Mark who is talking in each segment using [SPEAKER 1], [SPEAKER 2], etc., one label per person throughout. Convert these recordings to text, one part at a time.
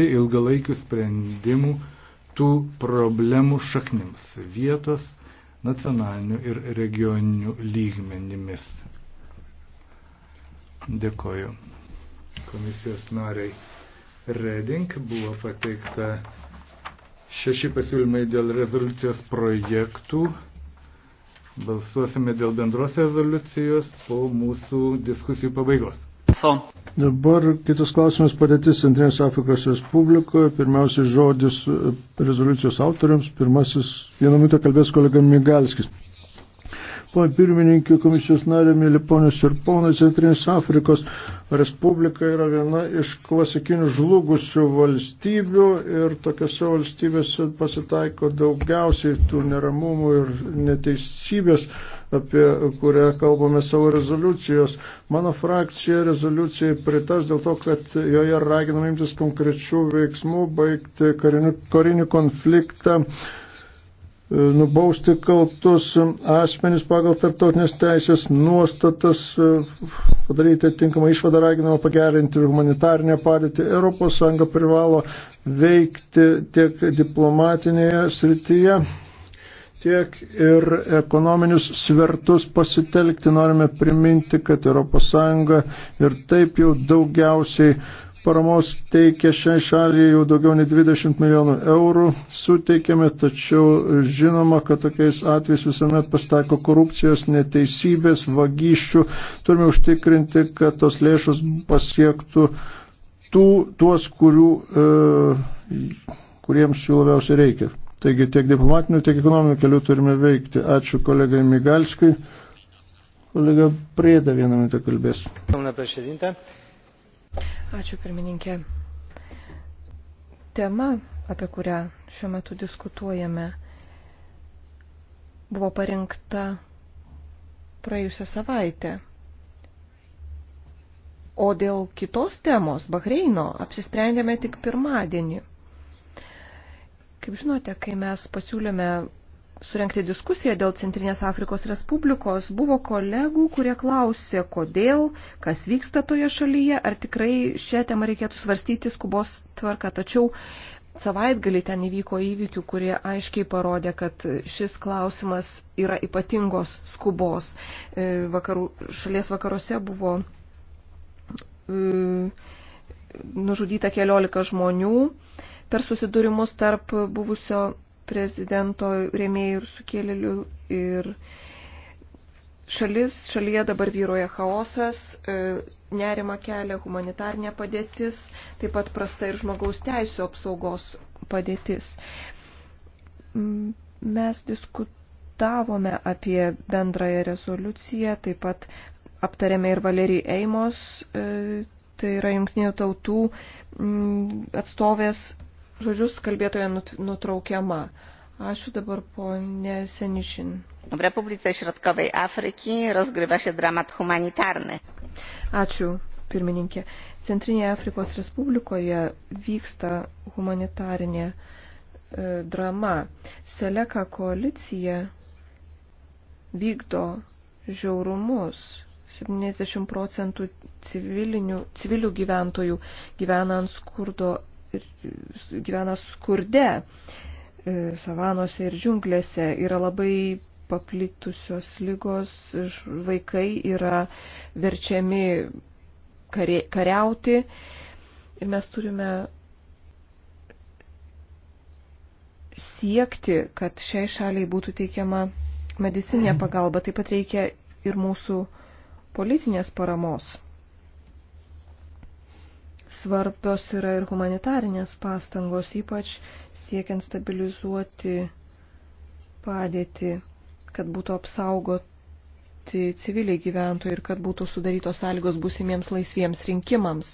[SPEAKER 1] ilgalaikių sprendimų tų problemų šaknims vietos, nacionalinių ir regioninių lygmenimis. Dėkoju. Komisijos nariai Reding buvo pateikta šeši pasiūlymai dėl rezoliucijos projektų. Balsuosime dėl bendros rezoliucijos po mūsų diskusijų pabaigos. So.
[SPEAKER 2] Dabar kitas klausimas padėtis Centrinės Afrikos Respublikoje. Pirmiausia žodis e, rezoliucijos autoriams. Pirmasis vieną minutę kalbės kolega Migalskis. Pone pirmininkė, komisijos narė, mėly ponios ir ponai, Centrinės Afrikos Respublika yra viena iš klasikinių žlugusių valstybių ir tokiose valstybėse pasitaiko daugiausiai tų neramumų ir neteisybės apie kurią kalbame savo rezoliucijos. Mano frakcija rezoliucijai pritars dėl to, kad joje raginam imtis konkrečių veiksmų, baigti karinį, karinį konfliktą, nubausti kaltus asmenys pagal tarptautinės teisės nuostatas, padaryti atitinkamą išvadą raginamą pagerinti humanitarinę padėtį. ES privalo veikti tiek diplomatinėje srityje tiek ir ekonominius svertus pasitelkti. Norime priminti, kad ES ir taip jau daugiausiai paramos teikia šiai šaliai jau daugiau nei 20 milijonų eurų suteikėme, tačiau žinoma, kad tokiais atvejais visuomet pastaiko korupcijos, neteisybės, vagysčių. Turime užtikrinti, kad tos lėšos pasiektų tų, tuos, kurių, e, kuriems jų labiausiai reikia. Taigi tiek diplomatinių, tiek ekonominių kelių turime veikti. Ačiū kolegai Migalskui. Kolega Prieda vieną minutę
[SPEAKER 1] kalbės.
[SPEAKER 3] Ačiū pirmininkė. Tema, apie kurią šiuo metu diskutuojame, buvo parinkta praėjusią savaitę. O dėl kitos temos, Bahreino, apsisprendėme tik pirmadienį. Kaip žinote, kai mes pasiūlėme surenkti diskusiją dėl Centrinės Afrikos Respublikos, buvo kolegų, kurie klausė, kodėl, kas vyksta toje šalyje, ar tikrai šią temą reikėtų svarstyti skubos tvarka. Tačiau savaitgalį ten įvyko įvykių, kurie aiškiai parodė, kad šis klausimas yra ypatingos skubos. E, vakarų, šalies vakaruose buvo e, nužudyta keliolika žmonių per susidūrimus tarp buvusio prezidento rėmėjų ir sukėlėlių ir šalis, šalyje dabar vyroja chaosas, e, nerima kelia humanitarnė padėtis, taip pat prasta ir žmogaus teisų apsaugos padėtis. Mes diskutavome apie bendrąją rezoliuciją, taip pat aptarėme ir Valerijai Eimos, e, tai yra jungtinių tautų atstovės žodžius kalbėtoje nutraukiama. Ačiū dabar ponė Senišin. W Republice Środkowej Afryki rozgrywa się dramat humanitarny. Ačiū, pirmininkė. Centrinėje Afrikos Respublikoje vyksta humanitarinė e, drama. Seleka koalicija vykdo žiaurumus. 70 procentų civilinių, civilių gyventojų gyvena ant skurdo gyvena skurde e, savanose ir džiunglėse. Yra labai paplitusios lygos, vaikai yra verčiami kariauti. Ir mes turime siekti, kad šiai šaliai būtų teikiama medicinė pagalba. Taip pat reikia ir mūsų politinės paramos. Svarbios yra ir humanitarinės pastangos, ypač siekiant stabilizuoti padėtį, kad būtų apsaugoti civiliai gyventojai ir kad būtų sudarytos sąlygos būsimiems laisviems rinkimams.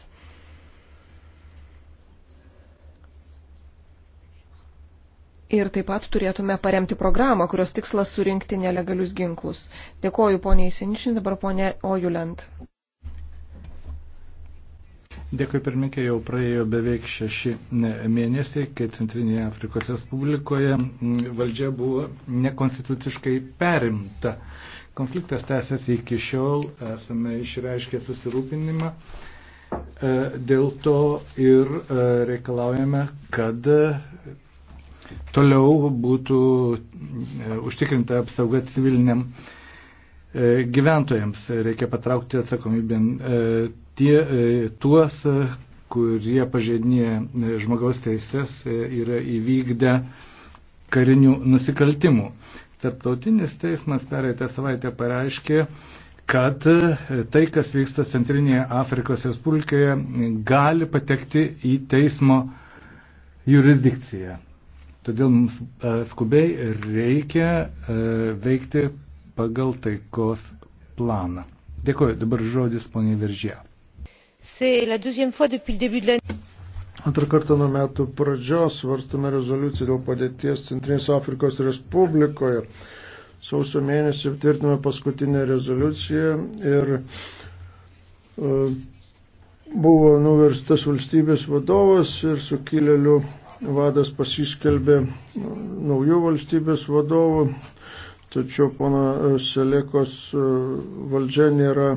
[SPEAKER 3] Ir taip pat turėtume paremti programą, kurios tikslas surinkti nelegalius ginklus. Dėkoju poniai Sinišin, dabar ponė Ojuland.
[SPEAKER 1] Dėkui pirmininkė, jau praėjo beveik šeši mėnesiai, kai Centrinėje Afrikos Respublikoje valdžia buvo nekonstituciškai perimta. Konfliktas tęsiasi iki šiol, esame išreiškę susirūpinimą. E, dėl to ir e, reikalaujame, kad toliau būtų e, užtikrinta apsauga civiliniam gyventojams. Reikia patraukti atsakomybėn tie, e, tuos, e, kurie pažeidinė e, žmogaus teises, yra įvykdę karinių nusikaltimų. Tarptautinis teismas pereitą savaitę pareiškė, kad tai, kas vyksta Centrinėje Afrikos Respublikoje, gali patekti į teismo jurisdikciją. Todėl mums skubiai reikia veikti pagal taikos planą. Dėkuoju, dabar žodis poniai Veržė.
[SPEAKER 3] C'est la deuxième fois depuis le début de l'année.
[SPEAKER 1] Antrą kartą nuo
[SPEAKER 2] metų pradžios svarstame rezoliuciją dėl padėties Centrinės Afrikos Respublikoje. Sausio mėnesį tvirtinome paskutinę rezoliuciją ir uh, buvo nuverstas valstybės vadovas ir sukilėlių vadas pasiskelbė e, naujų valstybės vadovų, tačiau pono Selekos e, valdžia nėra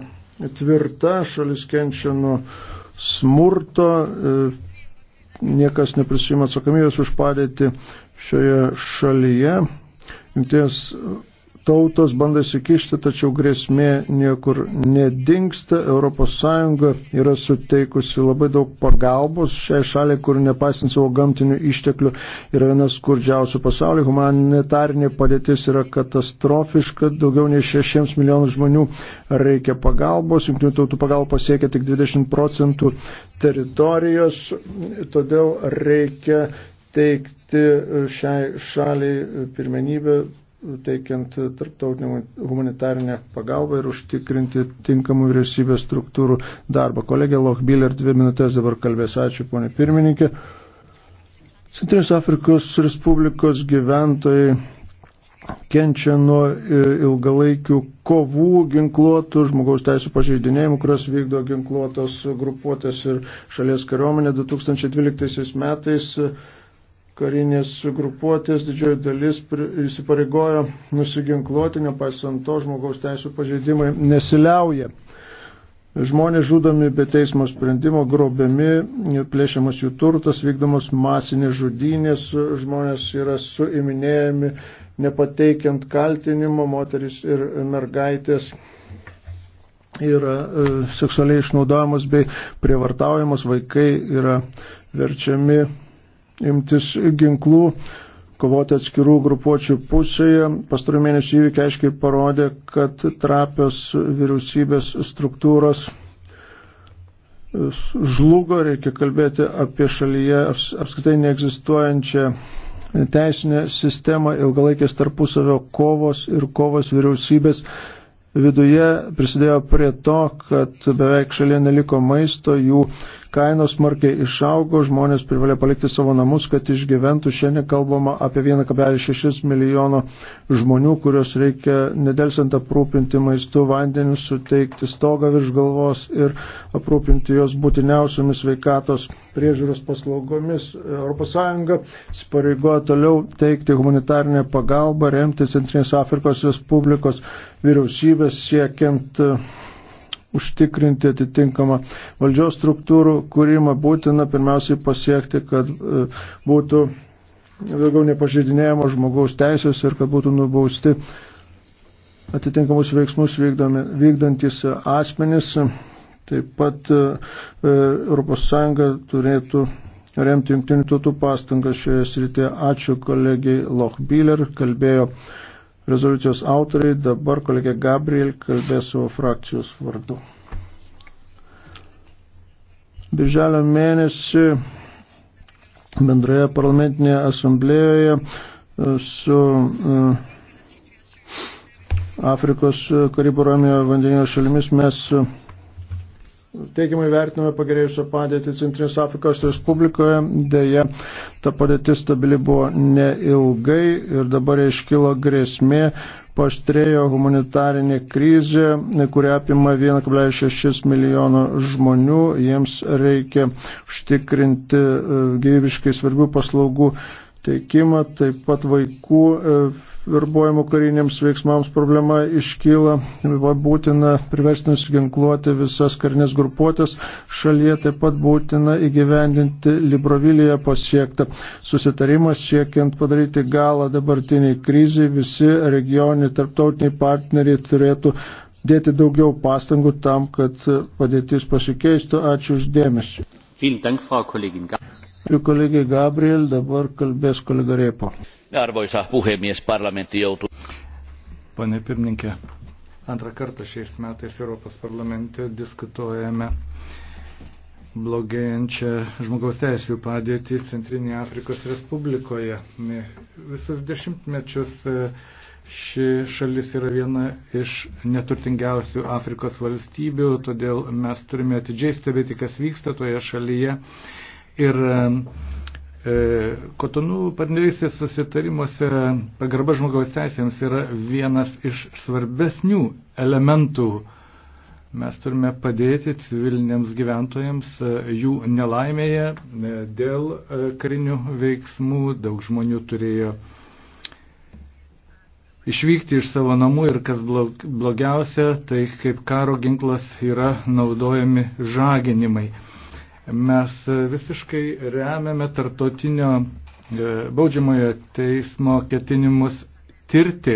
[SPEAKER 2] tvirta, šalis kenčia nuo smurto, e, niekas neprisima atsakomybės už padėtį šioje šalyje. Jungtinės tautos bando įsikišti, tačiau grėsmė niekur nedingsta. ES yra suteikusi labai daug pagalbos šiai šaliai, kur nepaisant savo gamtinių išteklių yra vienas skurdžiausių pasaulyje. Humanitarinė padėtis yra katastrofiška, daugiau nei 6 milijonų žmonių reikia pagalbos, jungtinių tautų pagalba pasiekia tik 20 procentų teritorijos, todėl reikia teikti šiai šaliai pirmenybę teikiant tarptautinę humanitarinę pagalbą ir užtikrinti tinkamų vyriausybės struktūrų darbą. Kolegė Lochbiller dvi minutės dabar kalbės. Ačiū, ponė pirmininkė. Centrinės Afrikos Respublikos gyventojai kenčia nuo e, ilgalaikių kovų ginkluotų žmogaus teisų pažeidinėjimų, kurios vykdo ginkluotos grupuotės ir šalies kariuomenė 2012 metais karinės grupuotės didžioji dalis įsipareigojo nusiginkluoti, nepaisant to žmogaus teisų pažeidimai nesiliauja. Žmonės žudomi be teismo sprendimo, grobiami, plėšiamas jų turtas, vykdomos masinės žudynės, žmonės yra suiminėjami, nepateikiant kaltinimo, moteris ir mergaitės yra e, seksualiai išnaudojamos bei prievartaujamos, vaikai yra verčiami imtis ginklų, kovoti atskirų grupuočių pusėje. Pastarų mėnesių įvykiai aiškiai parodė, kad trapios vyriausybės struktūros žlugo, reikia kalbėti apie šalyje apskritai neegzistuojančią teisinę sistemą, ilgalaikės tarpusavio kovos ir kovos vyriausybės viduje prisidėjo prie to, kad beveik šalia neliko maisto, jų kainos smarkiai išaugo, žmonės privalė palikti savo namus, kad išgyventų. Šiandien kalbama apie 1,6 milijono žmonių, kuriuos reikia nedelsiant aprūpinti maistu, vandeniu, suteikti stogą virš galvos ir aprūpinti jos būtiniausiomis veikatos priežiūros paslaugomis. ES spareigoja toliau teikti humanitarinę pagalbą, remti Centrinės Afrikos Respublikos vyriausybės siekiant užtikrinti atitinkamą valdžios struktūrų kūrimą, būtina pirmiausiai pasiekti, kad e, būtų daugiau nepažeidinėjama žmogaus teisės ir kad būtų nubausti atitinkamus veiksmus vykdomi, vykdantis asmenys. Taip pat ES e, turėtų remti jungtinių tautų pastangas šioje srityje. Ačiū kolegiai Lochbiller, kalbėjo rezoliucijos autoriai. Dabar kolegė Gabriel kalbės savo frakcijos vardu. Birželio mėnesį bendroje parlamentinėje asamblėjoje e, su e, Afrikos e, Karibų Ramijo vandenino šalimis mes Teigiamai vertiname pagerėjusią padėtį Centrinės Afrikos Respublikoje, dėja ta padėtis stabili buvo neilgai ir dabar iškilo grėsmė, paštrėjo humanitarinė krizė, kuria apima 1,6 milijono žmonių, jiems reikia užtikrinti e, gyvybiškai svarbių paslaugų teikimą, taip pat vaikų e, verbuojamų kariniams veiksmams problema iškyla, būtina priversti nusiginkluoti visas karinės grupuotės, šalyje taip pat būtina įgyvendinti Librovilyje pasiektą susitarimą siekiant padaryti galą dabartiniai kriziai, visi regioniai tarptautiniai partneriai turėtų dėti daugiau pastangų tam, kad padėtis pasikeistų. Ačiū uždėmesi. Dėkui kolegijai
[SPEAKER 1] Gabriel, dabar kalbės kolega Rėpo.
[SPEAKER 2] Arvoisa puhemies, parlamentti joutuu.
[SPEAKER 1] Pane pirmininkė, antrą kartą šiais metais Europos parlamente diskutuojame blogėjančią žmogaus teisų padėtį Centrinėje Afrikos Respublikoje. Visus dešimtmečius e, ši šalis yra viena iš neturtingiausių Afrikos valstybių, todėl mes turime atidžiai stebėti, kas vyksta toje šalyje. Ir E, Kotonų partnerystės susitarimuose pagarba žmogaus teisėms yra vienas iš svarbesnių elementų. Mes turime padėti civiliniams gyventojams e, jų nelaimėje e, dėl karinių veiksmų. Daug žmonių turėjo išvykti iš savo namų ir kas blogiausia, tai kaip karo ginklas yra naudojami žaginimai. Mes visiškai remiame tartotinio e, baudžiamojo teismo ketinimus tirti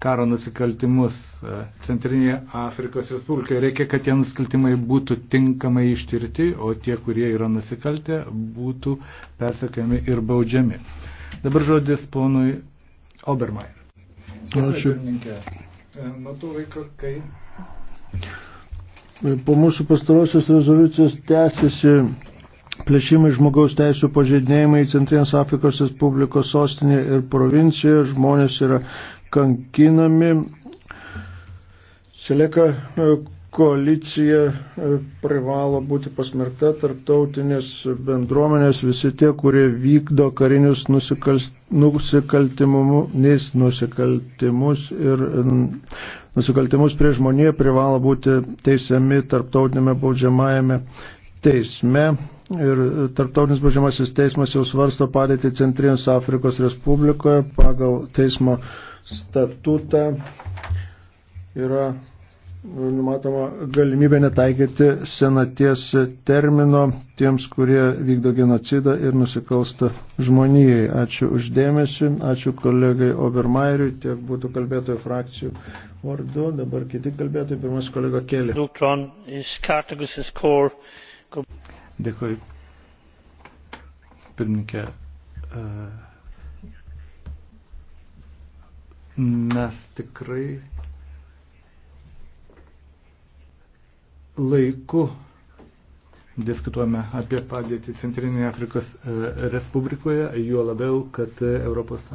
[SPEAKER 1] karo nusikaltimus e, Centrinėje Afrikos Respublikoje. Reikia, kad tie nusikaltimai būtų tinkamai ištirti, o tie, kurie yra nusikaltę, būtų persekiami ir baudžiami. Dabar žodis ponui Obermeier. Ačiū. Matau e, laiką, kai. Po
[SPEAKER 2] mūsų pastarosios rezoliucijos tęsiasi plėšimai žmogaus teisų pažeidinėjimai Centrinės Afrikos Respublikos sostinėje ir provincijoje. Žmonės yra kankinami. Seleka e, koalicija e, privalo būti pasmerkta tarptautinės bendruomenės, visi tie, kurie vykdo karinius nusikal... nusikaltimus ir nusikaltimus prie žmoniją privalo būti teisiami tarptautinėme baudžiamajame teisme. Ir tarptautinis baudžiamasis teismas jau svarsto padėti Centrinės Afrikos Respublikoje pagal teismo statutą yra numatoma galimybė netaikyti senaties termino tiems, kurie vykdo genocidą ir nusikalsta žmonijai. Ačiū uždėmesi, ačiū kolegai Obermairiui, tiek būtų kalbėtojų frakcijų vardu, dabar kiti kalbėtojai, pirmas kolega Kelė.
[SPEAKER 1] Dėkui. Pirmininkė. E, mes tikrai laiku diskutuojame apie padėtį Centrinėje Afrikos e, Respublikoje, juo labiau, kad ES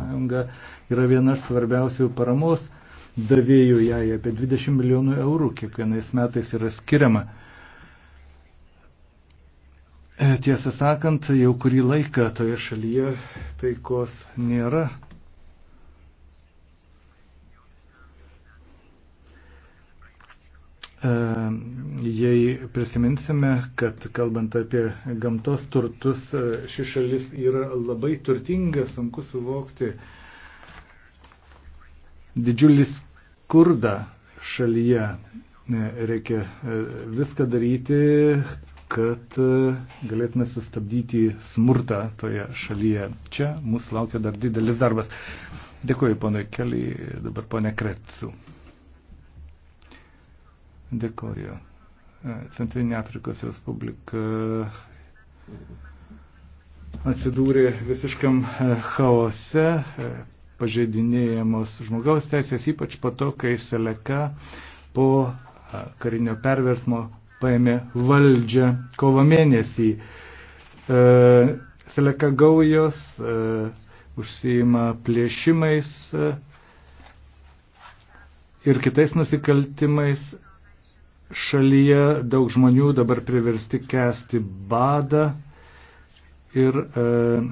[SPEAKER 1] yra viena iš svarbiausių paramos davėjų jai apie 20 milijonų eurų kiekvienais metais yra skiriama. E, tiesą sakant, jau kurį laiką toje šalyje taikos nėra. E, prisiminsime, kad kalbant apie gamtos turtus, e, ši šalis yra labai turtinga, sunku suvokti didžiulį skurdą šalyje. E, reikia e, viską daryti, kad galėtume sustabdyti smurtą toje šalyje. Čia mūsų laukia dar didelis darbas. Dėkuoju, ponui Keliai, dabar ponė Kretsu. Dėkuoju. E, Centrinė Afrikos Respublika atsidūrė visiškam e, chaose, e, pažeidinėjamos žmogaus teisės, ypač po to, kai Seleka po karinio perversmo paėmė valdžią kovo mėnesį. Seleka gaujos užsijima plėšimais ir kitais nusikaltimais šalyje daug žmonių dabar priversti kesti badą. Ir e,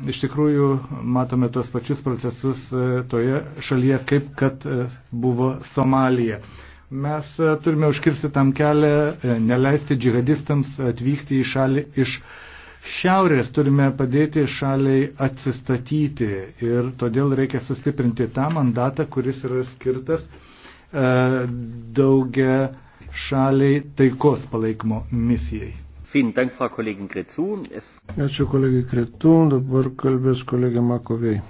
[SPEAKER 1] iš tikrųjų matome tuos pačius procesus e, toje šalyje, kaip kad e, buvo Somalija. Mes e, turime užkirsti tam kelią, e, neleisti džihadistams atvykti į šalį iš šiaurės, turime padėti šaliai atsistatyti. Ir todėl reikia sustiprinti tą mandatą, kuris yra skirtas e, daugia šaliai taikos palaikymo misijai.
[SPEAKER 2] Ačiū kolegai Kretų, dabar kalbės kolegė Makovei.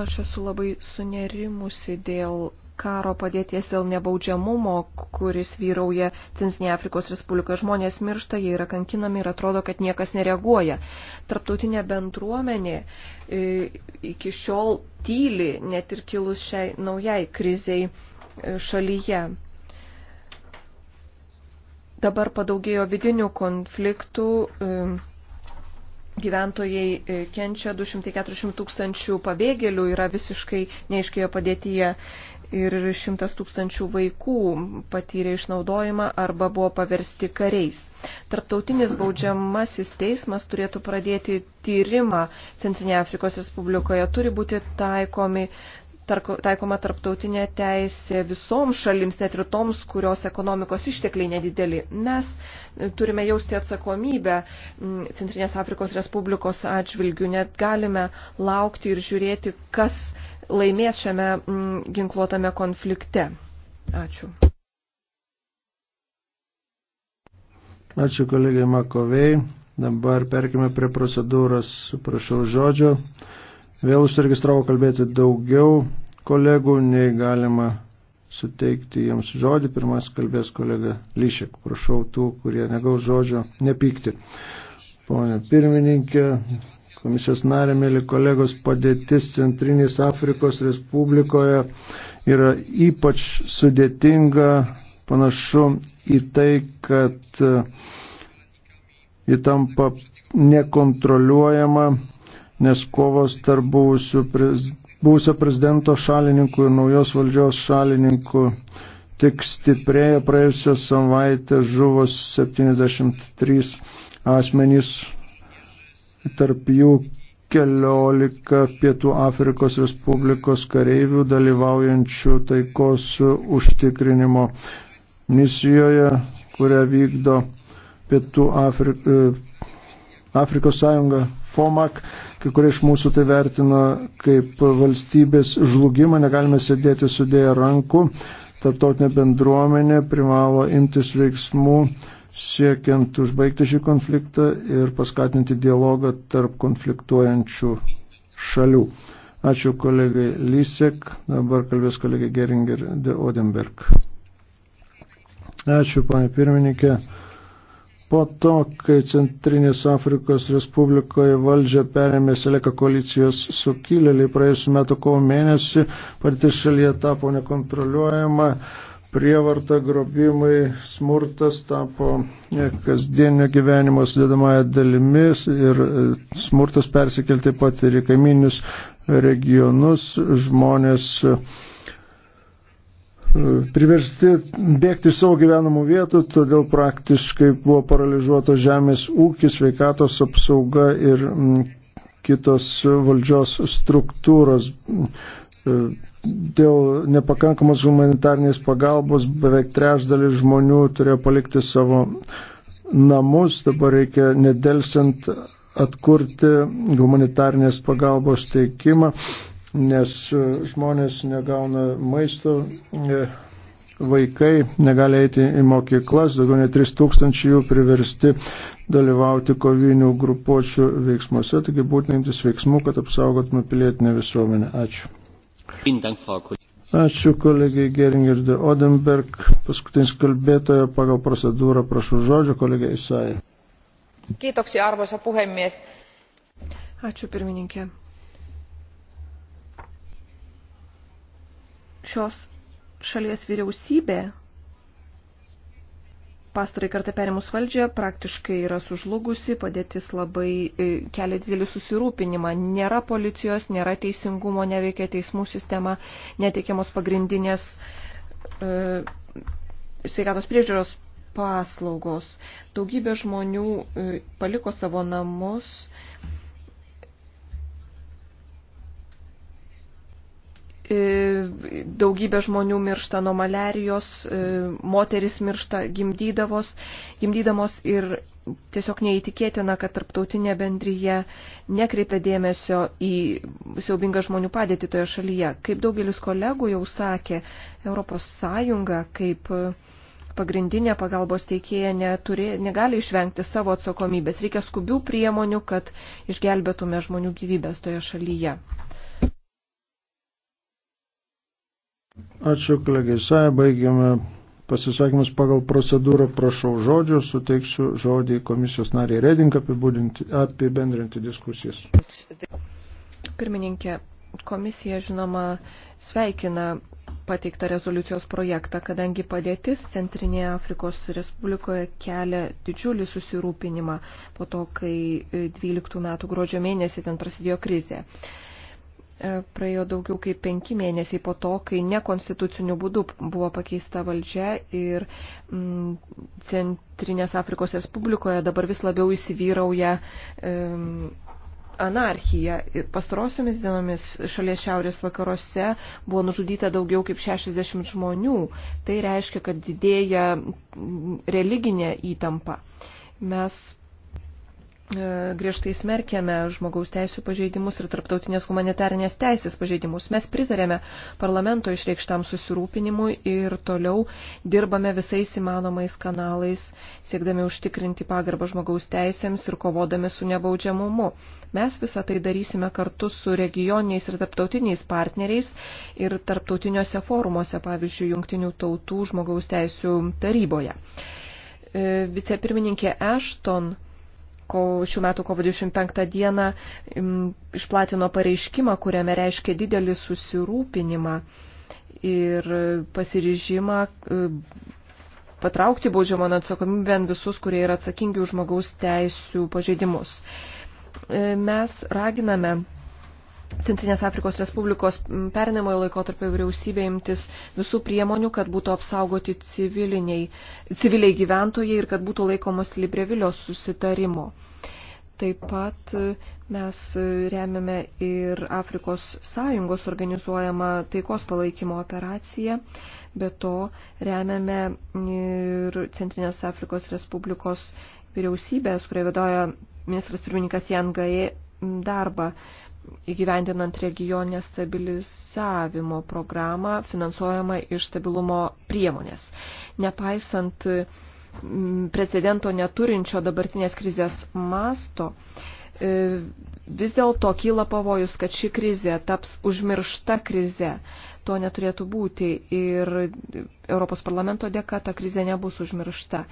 [SPEAKER 3] Aš esu labai sunerimusi dėl karo padėties dėl nebaudžiamumo, kuris vyrauja Centrinėje Afrikos Respublikoje. Žmonės miršta, jie yra kankinami ir atrodo, kad niekas nereaguoja. Tarptautinė bendruomenė e, iki šiol tyli, net ir kilus šiai naujai kriziai e, šalyje. Dabar padaugėjo vidinių konfliktų e, gyventojai kenčia, 240 tūkstančių pabėgėlių yra visiškai neaiškėjo padėtyje ir šimtas tūkstančių vaikų patyrė išnaudojimą arba buvo paversti kariais. Tarptautinis baudžiamasis teismas turėtų pradėti tyrimą Centrinėje Afrikos Respublikoje. Turi būti taikomi taikoma tarptautinė teisė visoms šalims, net ir toms, kurios ekonomikos ištekliai nedideli. Mes e, turime jausti atsakomybę Centrinės Afrikos Respublikos atžvilgių, net galime laukti ir žiūrėti, kas laimės šiame ginkluotame konflikte. Ačiū.
[SPEAKER 2] Ačiū kolegai Makovei. Dabar perkime prie procedūros, prašau žodžio. Vėl užsiregistravo kalbėti daugiau kolegų, nei galima suteikti jiems žodį. Pirmas kalbės kolega Lyšek. Prašau tų, kurie negaus žodžio, nepykti. Pone pirmininkė, komisijos narė, mėly kolegos, padėtis Centrinės Afrikos Respublikoje yra ypač sudėtinga, panašu į tai, kad e, ji tampa nekontroliuojama, nes kovos tarp buvusių prez būsio prezidento šalininkų ir naujos valdžios šalininkų tik stiprėja. Praėjusią savaitę žuvo 73 asmenys, tarp jų keliolika Pietų Afrikos Respublikos kareivių dalyvaujančių taikos užtikrinimo misijoje, kurią vykdo Pietų Afri e, Afrikos Sąjunga FOMAK, kai kurie iš mūsų tai vertino kaip valstybės žlugimą, negalime sėdėti sudėję rankų, tarptautinė bendruomenė privalo imtis veiksmų siekiant užbaigti šį konfliktą ir paskatinti dialogą tarp konfliktuojančių šalių. Ačiū kolegai Lysek, dabar kalbės kolegai Geringer de Odenberg. Ačiū, panė pirmininkė. Po to, kai Centrinės Afrikos Respublikoje valdžią perėmė Seleka koalicijos sukilėliai, praėjusiu metu kovo mėnesį pati šalyje tapo nekontroliuojama, prievarta, grobimai, smurtas tapo kasdienio gyvenimo sudėdamąją dalimis ir e, smurtas persikelti pat ir į kaiminius regionus, žmonės priversti bėgti iš savo gyvenamų vietų, todėl praktiškai buvo paralyžiuotas žemės ūkis, sveikatos apsauga ir mm, kitos valdžios struktūros. E, dėl nepakankamos humanitarnės pagalbos beveik trešdalis žmonių turėjo palikti savo namus, dabar reikia nedelsiant atkurti humanitarnės pagalbos teikimą nes e, žmonės negauna maisto, e, vaikai negali eiti į mokyklas, daugiau nei 3000 jų priversti dalyvauti kovinių grupuočių veiksmuose, taigi būtina imtis veiksmų, kad apsaugotume pilietinę visuomenę. Ačiū. Ačiū kolegijai Geringer de Odenberg, paskutinis kalbėtojo pagal procedūrą, prašau žodžio, kolegija Isaija.
[SPEAKER 3] Kiitoksia, arvoisa puhemies. Ačiū pirmininkė. šios šalies vyriausybė pastarai kartą perimus valdžią praktiškai yra sužlugusi, padėtis labai e, kelia didelį susirūpinimą. Nėra policijos, nėra teisingumo, neveikia teismų sistema, neteikiamos pagrindinės e, sveikatos priežiūros paslaugos. Daugybė žmonių e, paliko savo namus. E, daugybė žmonių miršta nuo malerijos, e, moteris miršta gimdydavos, gimdydamos ir tiesiog neįtikėtina, kad tarptautinė bendryje nekreipia dėmesio į siaubingą žmonių padėtį toje šalyje. Kaip daugelis kolegų jau sakė, ES kaip e, pagrindinė pagalbos teikėja neturi, negali išvengti savo atsakomybės. Reikia skubių priemonių, kad išgelbėtume žmonių gyvybės toje šalyje.
[SPEAKER 2] Ačiū, kolegai Saja. Baigiame pasisakymus pagal procedūrą. Prašau žodžio, suteiksiu žodį komisijos nariai Reding apibendrinti diskusijas.
[SPEAKER 3] Pirmininkė, komisija, žinoma, sveikina pateiktą rezoliucijos projektą, kadangi padėtis Centrinėje Afrikos Respublikoje kelia didžiulį susirūpinimą po to, kai 12 metų gruodžio mėnesį ten prasidėjo krizė. E, praėjo daugiau kaip penki mėnesiai po to, kai nekonstituciniu būdu buvo pakeista valdžia ir mm, Centrinės Afrikos Respublikoje dabar vis labiau įsivyrauja mm, anarchija. Pastarosiomis dienomis šalies šiaurės vakaruose buvo nužudyta daugiau kaip 60 žmonių. Tai reiškia, kad didėja religinė įtampa. Mes E, griežtai smerkėme žmogaus teisų pažeidimus ir tarptautinės humanitarinės teisės pažeidimus. Mes pritarėme parlamento išreikštam susirūpinimui ir toliau dirbame visais įmanomais kanalais, siekdami užtikrinti pagarbą žmogaus teisėms ir kovodami su nebaudžiamumu. Mes visą tai darysime kartu su regioniniais ir tarptautiniais partneriais ir tarptautiniuose forumuose, pavyzdžiui, Junktinių tautų žmogaus teisų taryboje. E, vicepirmininkė Ashton šių metų kovo 25 dieną išplatino pareiškimą, kuriame reiškia didelį susirūpinimą ir pasiryžimą e, patraukti baudžiamą atsakomybę visus, kurie yra atsakingi už žmogaus teisų pažeidimus. E, mes raginame Centrinės Afrikos Respublikos perinamojo laikotarpio vyriausybė imtis visų priemonių, kad būtų apsaugoti civiliai gyventojai ir kad būtų laikomos Librevilio susitarimo. Taip pat e, mes e, remiame ir Afrikos sąjungos organizuojamą taikos palaikymo operaciją, be to remiame ir Centrinės Afrikos Respublikos vyriausybės, kurie vedoja ministras pirmininkas Jan Gaje darbą įgyvendinant regioninę stabilizavimo programą finansuojamą iš stabilumo priemonės. Nepaisant mm, precedento neturinčio dabartinės krizės masto, e, vis dėlto kyla pavojus, kad ši krizė taps užmiršta krize. To neturėtų būti ir Europos parlamento dėka ta krizė nebus užmiršta.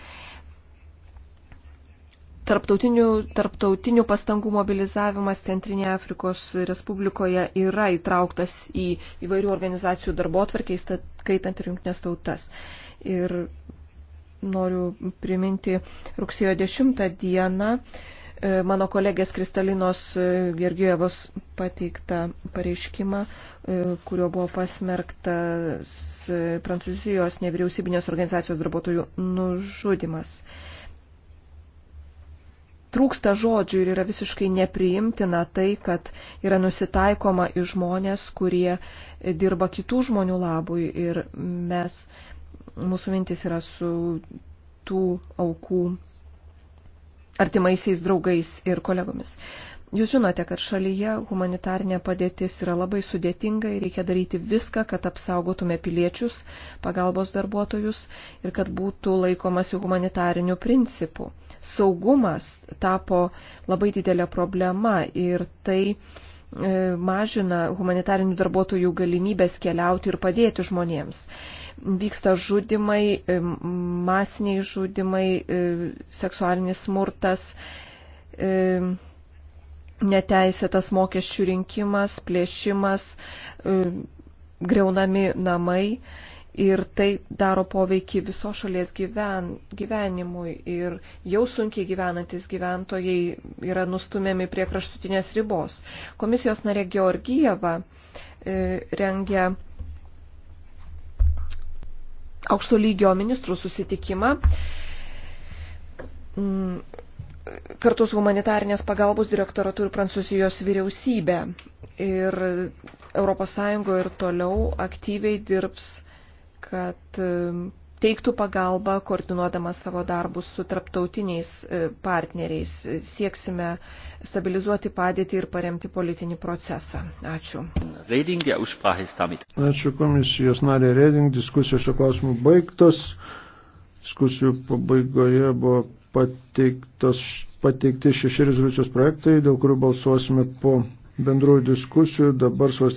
[SPEAKER 3] Tarptautinių, tarptautinių pastangų mobilizavimas Centrinėje Afrikos Respublikoje yra įtrauktas į įvairių organizacijų darbo atvarkį, skaitant ir jungtinės tautas. Ir noriu priminti rugsėjo 10 dieną e, mano kolegės Kristalinos e, Gergievos pateiktą pareiškimą, e, kurio buvo pasmerktas Prancūzijos nevyriausybinės organizacijos darbuotojų nužudimas trūksta žodžių ir yra visiškai nepriimtina tai, kad yra nusitaikoma į žmonės, kurie dirba kitų žmonių labui ir mes, mūsų mintis yra su tų aukų artimaisiais draugais ir kolegomis. Jūs žinote, kad šalyje humanitarnė padėtis yra labai sudėtinga ir reikia daryti viską, kad apsaugotume piliečius, pagalbos darbuotojus ir kad būtų laikomasi humanitarinių principų saugumas tapo labai didelė problema ir tai e, mažina humanitarinių darbuotojų galimybės keliauti ir padėti žmonėms. Vyksta žudimai, e, masiniai žudimai, e, seksualinis smurtas, neteisėtas mokesčių rinkimas, plėšimas, greunami namai ir tai daro poveikį viso šalies gyven, gyvenimui ir jau sunkiai gyvenantis gyventojai yra nustumiami prie kraštutinės ribos. Komisijos narė Georgijeva e, rengia aukšto lygio ministrų susitikimą. Mm, kartu su humanitarnės pagalbos direktoratu ir Prancūzijos vyriausybė. Ir ES ir toliau aktyviai dirbs kad e, teiktų pagalbą, koordinuodama savo darbus su traptautiniais e, partneriais. Sieksime stabilizuoti padėtį ir paremti politinį procesą. Ačiū.
[SPEAKER 2] Ačiū komisijos narė Reding. Diskusijos šio klausimu baigtos. Diskusijų pabaigoje buvo pateiktos, pateikti šeši rezoliucijos projektai, dėl kurių balsuosime po bendrųjų diskusijų. Dabar svarstyti.